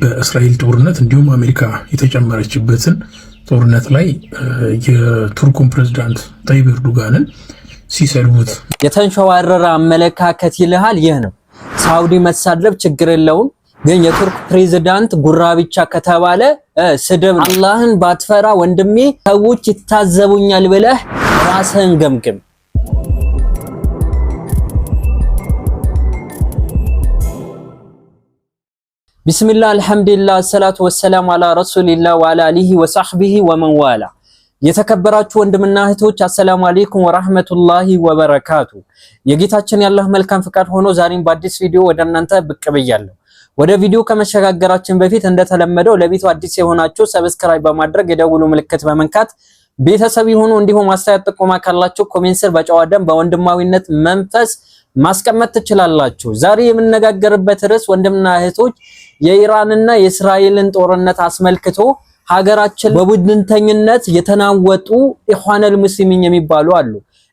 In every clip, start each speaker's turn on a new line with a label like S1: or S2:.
S1: በእስራኤል ጦርነት እንዲሁም አሜሪካ የተጨመረችበትን ጦርነት ላይ የቱርኩን ፕሬዚዳንት ጠይብ ኤርዶጋንን ሲሰድቡት
S2: የተንሸዋረረ አመለካከት ይልሃል። ይህ ነው ሳውዲ መሳደብ ችግር የለውም ግን የቱርክ ፕሬዚዳንት ጉራ ብቻ ከተባለ ስድብ። አላህን ባትፈራ ወንድሜ ሰዎች ይታዘቡኛል ብለህ ራስህን ገምግም። ቢስሚላህ አልሐምዱሊላህ አሰላቱ ወሰላም አላ ረሱሊላህ ወአላ አሊሂ ወሳህቢሂ ወመንዋላ። የተከበራችሁ ወንድምና እህቶች አሰላሙ አሌይኩም ወራህመቱላሂ ወበረካቱ። የጌታችን ያላህ መልካም ፍቃድ ሆኖ ዛሬም በአዲስ ቪዲዮ ወደ እናንተ ብቅ ብያለሁ። ወደ ቪዲዮ ከመሸጋገራችን በፊት እንደተለመደው ለቤቱ አዲስ የሆናችሁ ሰብስክራይብ በማድረግ የደውሉ ምልክት በመንካት ቤተሰብ የሆኑ እንዲሁም አስተያየት ጥቆማ ካላችሁ ኮሜንት ስር በጨዋ ደም በወንድማዊነት መንፈስ ማስቀመጥ ትችላላችሁ። ዛሬ የምነጋገርበት ርዕስ ወንድምና እህቶች የኢራንና የእስራኤልን ጦርነት አስመልክቶ ሀገራችን በቡድንተኝነት የተናወጡ ኢኽዋነል ሙስሊሚን የሚባሉ አሉ።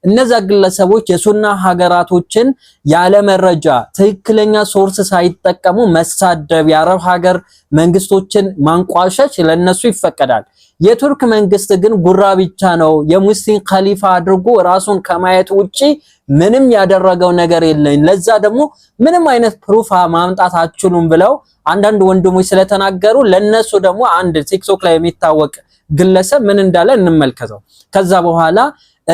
S2: እነዛ ግለሰቦች የሱና ሀገራቶችን ያለ መረጃ ትክክለኛ ሶርስ ሳይጠቀሙ መሳደብ፣ የአረብ ሀገር መንግስቶችን ማንቋሸሽ ለነሱ ይፈቀዳል። የቱርክ መንግስት ግን ጉራ ብቻ ነው። የሙስሊም ኸሊፋ አድርጎ ራሱን ከማየት ውጪ ምንም ያደረገው ነገር የለኝ፣ ለዛ ደግሞ ምንም አይነት ፕሩፍ ማምጣት አችሉም ብለው አንዳንድ ወንድሞች ስለተናገሩ ለነሱ ደግሞ አንድ ቲክቶክ ላይ የሚታወቅ ግለሰብ ምን እንዳለ እንመልከተው። ከዛ በኋላ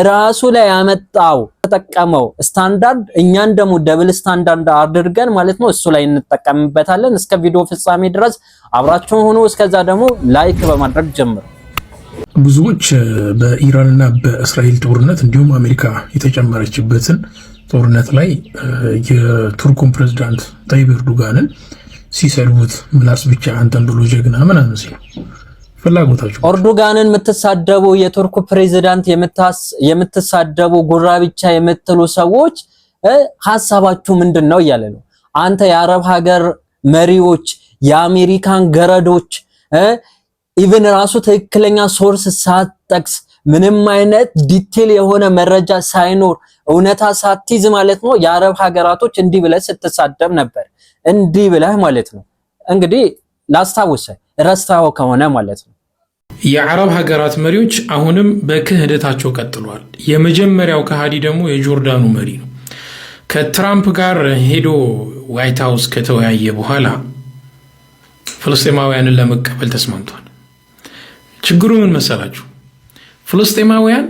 S2: ራሱ ላይ ያመጣው ተጠቀመው ስታንዳርድ እኛን ደግሞ ደብል ስታንዳርድ አድርገን ማለት ነው እሱ ላይ እንጠቀምበታለን። እስከ ቪዲዮ ፍጻሜ ድረስ አብራችሁን ሆኖ እስከዛ ደግሞ ላይክ በማድረግ ጀምሩ።
S1: ብዙዎች በኢራንና በእስራኤል ጦርነት እንዲሁም አሜሪካ የተጨመረችበትን ጦርነት ላይ የቱርኩን ፕሬዝዳንት ታይብ ኤርዶጋንን ሲሰድቡት ምላስ ብቻ አንተን ብሎ ጀግና ምናምን ሲሉ
S2: ፍላጎታችሁ ኦርዶጋንን የምትሳደቡ የቱርኩ ፕሬዝዳንት የምትሳደቡ ጉራ ብቻ የምትሉ ሰዎች ሀሳባችሁ ምንድን ነው እያለ ነው። አንተ የአረብ ሀገር መሪዎች፣ የአሜሪካን ገረዶች ኢቨን ራሱ ትክክለኛ ሶርስ ሳትጠቅስ ምንም አይነት ዲቴል የሆነ መረጃ ሳይኖር እውነታ ሳትይዝ ማለት ነው የአረብ ሀገራቶች እንዲህ ብለህ ስትሳደብ ነበር። እንዲህ ብለህ ማለት ነው እንግዲህ ላስታውሰ ረስታው ከሆነ ማለት ነው
S1: የአረብ ሀገራት መሪዎች አሁንም በክህደታቸው ቀጥሏል። የመጀመሪያው ከሃዲ ደግሞ የጆርዳኑ መሪ ነው። ከትራምፕ ጋር ሄዶ ዋይት ሀውስ ከተወያየ በኋላ ፍልስጤማውያንን ለመቀበል ተስማምቷል። ችግሩ ምን መሰላችሁ? ፍልስጤማውያን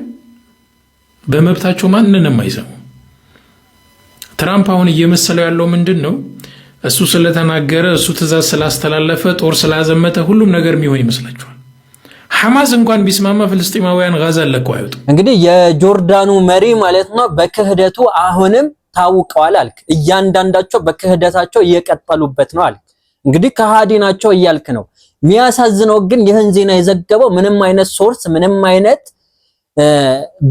S1: በመብታቸው ማንንም አይሰሙ። ትራምፕ አሁን እየመሰለው ያለው ምንድን ነው? እሱ ስለተናገረ፣ እሱ ትእዛዝ ስላስተላለፈ፣ ጦር ስላዘመተ ሁሉም ነገር የሚሆን ይመስላችኋል። ሐማስ እንኳን ቢስማማ ፍልስጤማውያን ጋዛ ለቀው አይወጡ።
S2: እንግዲህ የጆርዳኑ መሪ ማለት ነው በክህደቱ አሁንም ታውቀዋል አልክ። እያንዳንዳቸው በክህደታቸው እየቀጠሉበት ነው አልክ። እንግዲህ ከሃዲ ናቸው እያልክ ነው። የሚያሳዝነው ግን ይህን ዜና የዘገበው ምንም አይነት ሶርስ፣ ምንም አይነት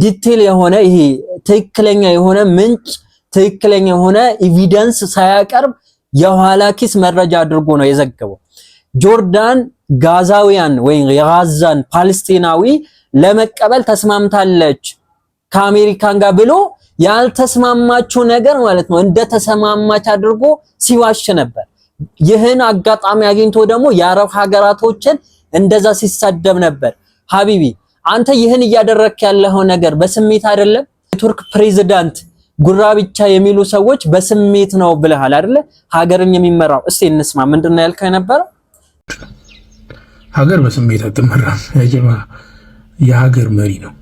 S2: ዲቴል የሆነ ይሄ ትክክለኛ የሆነ ምንጭ፣ ትክክለኛ የሆነ ኤቪደንስ ሳያቀርብ የኋላ ኪስ መረጃ አድርጎ ነው የዘገበው። ጆርዳን ጋዛውያን ወይም የጋዛን ፓለስቲናዊ ለመቀበል ተስማምታለች ከአሜሪካን ጋር ብሎ ያልተስማማችው ነገር ማለት ነው እንደ ተስማማች አድርጎ ሲዋሽ ነበር። ይህን አጋጣሚ አግኝቶ ደግሞ የአረብ ሀገራቶችን እንደዛ ሲሳደብ ነበር። ሀቢቢ አንተ ይህን እያደረክ ያለው ነገር በስሜት አይደለም። የቱርክ ፕሬዝዳንት ጉራ ብቻ የሚሉ ሰዎች በስሜት ነው ብለሃል አይደለ? ሀገርን የሚመራው እስቲ እንስማ፣ ምንድን ነው ያልከው የነበረው?
S1: ሀገር በስሜት አትመራም። ያጀማ የሀገር መሪ ነው።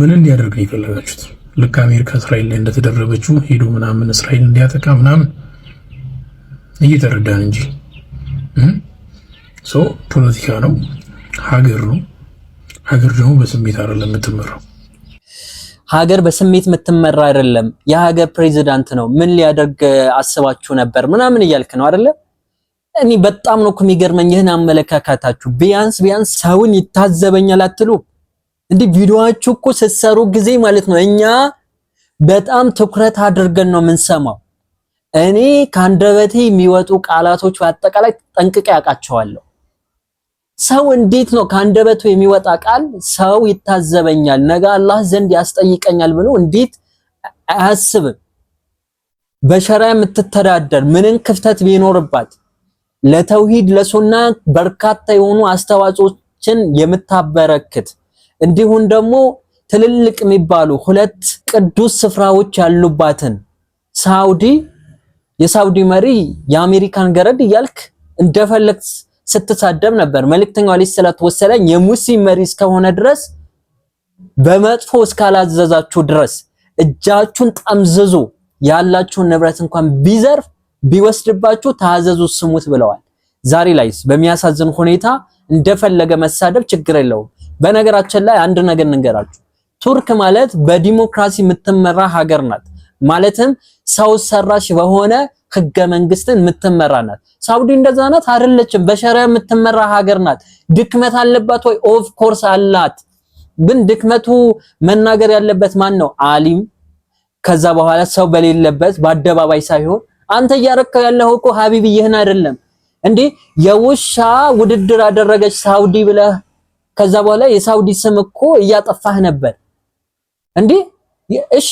S1: ምን እንዲያደርግ ነው የፈለጋችሁት? ልክ አሜሪካ እስራኤል ላይ እንደተደረበችው ሄዶ ምናምን እስራኤል እንዲያጠቃ ምናምን እየተረዳን እንጂ ፖለቲካ ነው፣ ሀገር ነው። ሀገር ደግሞ በስሜት አይደለም የምትመራው።
S2: ሀገር በስሜት የምትመራ አይደለም። የሀገር ፕሬዚዳንት ነው። ምን ሊያደርግ አስባችሁ ነበር ምናምን እያልክ ነው አይደለም እኔ በጣም ነው እኮ የሚገርመኝ ይህን አመለካከታችሁ። ቢያንስ ቢያንስ ሰውን ይታዘበኛል አትሉ እንዲህ ቪዲዮአችሁ እኮ ስትሰሩ ጊዜ ማለት ነው እኛ በጣም ትኩረት አድርገን ነው የምንሰማው። እኔ ከአንደበቴ የሚወጡ ቃላቶች በአጠቃላይ ጠንቅቄ አውቃቸዋለሁ። ሰው እንዴት ነው ከአንደበቱ የሚወጣ ቃል ሰው ይታዘበኛል፣ ነገ አላህ ዘንድ ያስጠይቀኛል ብሎ እንዴት አያስብም? በሸራ የምትተዳደር ምንን ክፍተት ቢኖርባት ለተውሂድ ለሱና በርካታ የሆኑ አስተዋጽኦችን የምታበረክት እንዲሁም ደግሞ ትልልቅ የሚባሉ ሁለት ቅዱስ ስፍራዎች ያሉባትን ሳውዲ የሳውዲ መሪ የአሜሪካን ገረድ እያልክ እንደፈለግ ስትሳደብ ነበር። መልእክተኛው አለይሂ ሰላቱ ወሰለም የሙስሊም መሪ እስከሆነ ድረስ በመጥፎ እስካላዘዛችሁ ድረስ እጃችሁን ጠምዝዙ ያላችሁን ንብረት እንኳን ቢዘርፍ ቢወስድባችሁ ታዘዙ፣ ስሙት ብለዋል። ዛሬ ላይ በሚያሳዝን ሁኔታ እንደፈለገ መሳደብ ችግር የለውም። በነገራችን ላይ አንድ ነገር እንገራችሁ፣ ቱርክ ማለት በዲሞክራሲ የምትመራ ሀገር ናት። ማለትም ሰው ሰራሽ በሆነ ህገ መንግስትን የምትመራ ናት። ሳውዲ እንደዛ ናት አይደለችም፣ በሸሪያ የምትመራ ሀገር ናት። ድክመት አለባት ወይ? ኦፍ ኮርስ አላት። ግን ድክመቱ መናገር ያለበት ማን ነው? አሊም ከዛ በኋላ ሰው በሌለበት በአደባባይ ሳይሆን አንተ እያረከው ያለው እኮ ሀቢብ ይህን አይደለም እንዴ የውሻ ውድድር አደረገች ሳውዲ ብለህ ከዛ በኋላ የሳውዲ ስም እኮ እያጠፋህ ነበር እንዴ እሺ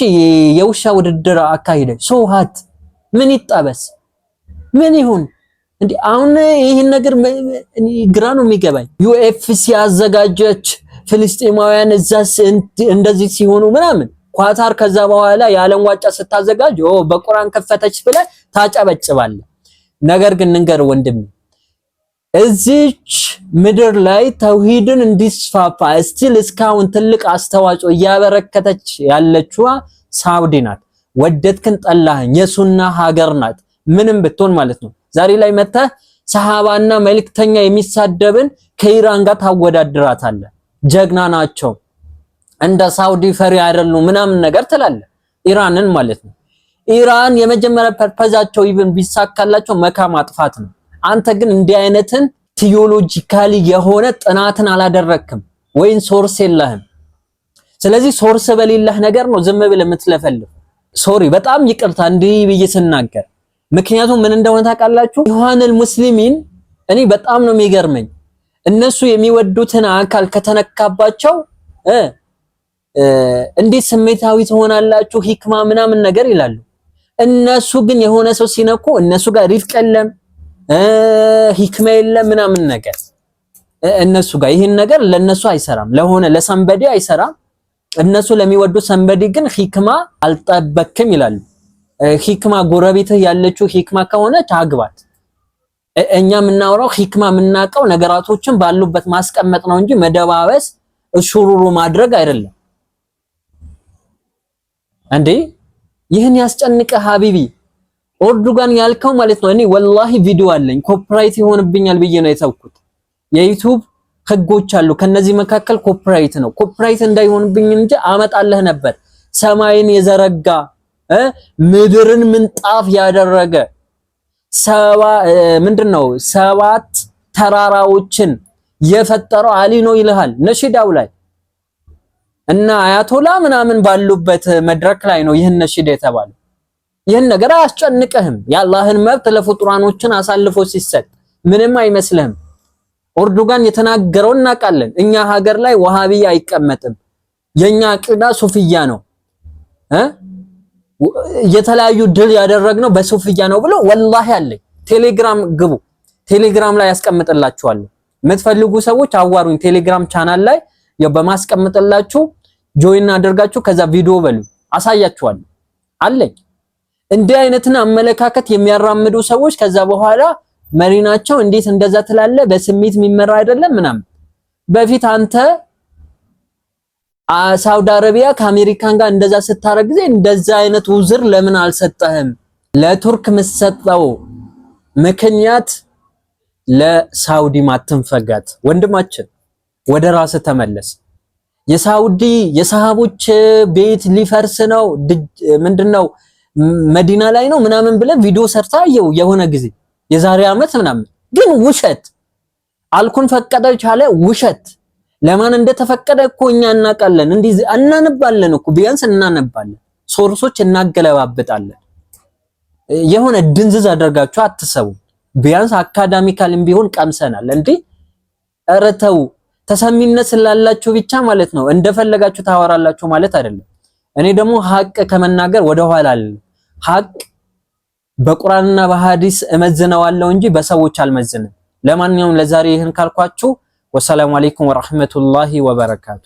S2: የውሻ ውድድር አካሂደች ሶሃት ምን ይጣበስ ምን ይሁን እንዴ አሁን ይህን ነገር ግራ ነው የሚገባኝ ዩኤፍሲ አዘጋጀች ፍልስጤማውያን እዛ እንደዚህ ሲሆኑ ምናምን ኳታር ከዛ በኋላ የዓለም ዋንጫ ስታዘጋጅ ኦ በቁርአን ከፈተች ብለህ ታጨበጭባለ። ነገር ግን ንገር ወንድም እዚች ምድር ላይ ተውሂድን እንዲስፋፋ እስቲል እስካሁን ትልቅ አስተዋጽኦ እያበረከተች ያለችዋ ሳውዲ ናት። ወደድክን ጠላህን የሱና ሀገር ናት፣ ምንም ብትሆን ማለት ነው። ዛሬ ላይ መጥተህ ሰሃባና መልክተኛ የሚሳደብን ከኢራን ጋር ታወዳድራታለህ። ጀግና ናቸው እንደ ሳውዲ ፈሪ አይደሉ ምናምን ነገር ትላለህ፣ ኢራንን ማለት ነው። ኢራን የመጀመሪያ ፐርፐዛቸው ኢቭን ቢሳካላቸው መካ ማጥፋት ነው። አንተ ግን እንዲህ አይነትን ቲዮሎጂካሊ የሆነ ጥናትን አላደረክም ወይም ሶርስ የለህም። ስለዚህ ሶርስ በሌለህ ነገር ነው ዝም ብለህ የምትለፈልፍ። ሶሪ በጣም ይቅርታ እንዲህ ብዬ ስናገር፣ ምክንያቱም ምን እንደሆነ ታውቃላችሁ። ኢኽዋኑል ሙስሊሚን እኔ በጣም ነው የሚገርመኝ እነሱ የሚወዱትን አካል ከተነካባቸው እንዴት ስሜታዊ ትሆናላችሁ? ሂክማ ምናምን ነገር ይላሉ። እነሱ ግን የሆነ ሰው ሲነኩ እነሱ ጋር ሪፍቅ የለም፣ ሂክማ የለም ምናምን ነገር እነሱ ጋር ይህን ነገር ለነሱ አይሰራም፣ ለሆነ ለሰንበዴ አይሰራም። እነሱ ለሚወዱ ሰንበዴ ግን ሂክማ አልጠበክም ይላሉ። ሂክማ ጎረቤትህ ያለችው ሂክማ ከሆነች አግባት። እኛ የምናወራው ሂክማ የምናውቀው ነገራቶችን ባሉበት ማስቀመጥ ነው እንጂ መደባበስ፣ ሹሩሩ ማድረግ አይደለም እንዴ ይህን ያስጨንቀ ሀቢቢ ኦርዱጋን ያልከው ማለት ነው። እኔ ወላሂ ቪዲዮ አለኝ ኮፒራይት ይሆንብኛል ብዬ ነው የተውኩት። የዩቲዩብ ህጎች አሉ። ከነዚህ መካከል ኮፒራይት ነው። ኮፒራይት እንዳይሆንብኝ እንጂ አመጣለህ ነበር። ሰማይን የዘረጋ ምድርን ምንጣፍ ያደረገ ሰባ ምንድነው ሰባት ተራራዎችን የፈጠረው አሊ ነው ይልሃል ነሽዳው ላይ እና አያቶላ ምናምን ባሉበት መድረክ ላይ ነው ይህን ነሽድ የተባለው። ይህን ነገር አያስጨንቅህም። የአላህን መብት ለፍጡራኖችን አሳልፎ ሲሰጥ ምንም አይመስልህም። ኦርዶጋን የተናገረው እናውቃለን። እኛ ሀገር ላይ ወሃቢያ አይቀመጥም። የኛ ቅዳ ሱፍያ ነው እ የተለያዩ ድል ያደረግነው በሱፍያ ነው ብሎ ወላሂ አለኝ። ቴሌግራም ግቡ፣ ቴሌግራም ላይ ያስቀምጥላችኋለሁ። የምትፈልጉ ሰዎች አዋሩኝ። ቴሌግራም ቻናል ላይ በማስቀምጥላችሁ ጆይን አደርጋችሁ ከዛ ቪዲዮ በሉ አሳያችኋለሁ አለኝ። እንዲህ አይነትን አመለካከት የሚያራምዱ ሰዎች ከዛ በኋላ መሪ ናቸው። እንዴት እንደዛ ትላለ? በስሜት የሚመራ አይደለም ምናምን። በፊት አንተ ሳውዲ አረቢያ ከአሜሪካን ጋር እንደዛ ስታረግ ጊዜ እንደዛ አይነት ውዝር ለምን አልሰጠህም? ለቱርክ ምሰጠው ምክንያት ለሳውዲ ማትንፈጋት ወንድማችን፣ ወደ ራስ ተመለስ። የሳውዲ የሰሃቦች ቤት ሊፈርስ ነው ምንድነው መዲና ላይ ነው ምናምን ብለ ቪዲዮ ሰርታ አየው የሆነ ጊዜ የዛሬ ዓመት ምናምን። ግን ውሸት አልኩን ፈቀደ ቻለ ውሸት። ለማን እንደተፈቀደ እኮ እኛ እናውቃለን። እንዲህ እናነባለን እኮ ቢያንስ እናነባለን፣ ሶርሶች እናገለባበጣለን። የሆነ ድንዝዝ አደርጋችሁ አትሰቡ። ቢያንስ አካዳሚካልም ቢሆን ቀምሰናል። እንዲህ ኧረ ተው ተሰሚነት ስላላችሁ ብቻ ማለት ነው እንደፈለጋችሁ ታወራላችሁ ማለት አይደለም። እኔ ደግሞ ሀቅ ከመናገር ወደ ኋላ አለ ሀቅ በቁርአንና በሐዲስ እመዝነዋለሁ እንጂ በሰዎች አልመዝንም። ለማንኛውም ለዛሬ ይህን ካልኳችሁ፣ ወሰላሙ አለይኩም ወራህመቱላሂ ወበረካቱ።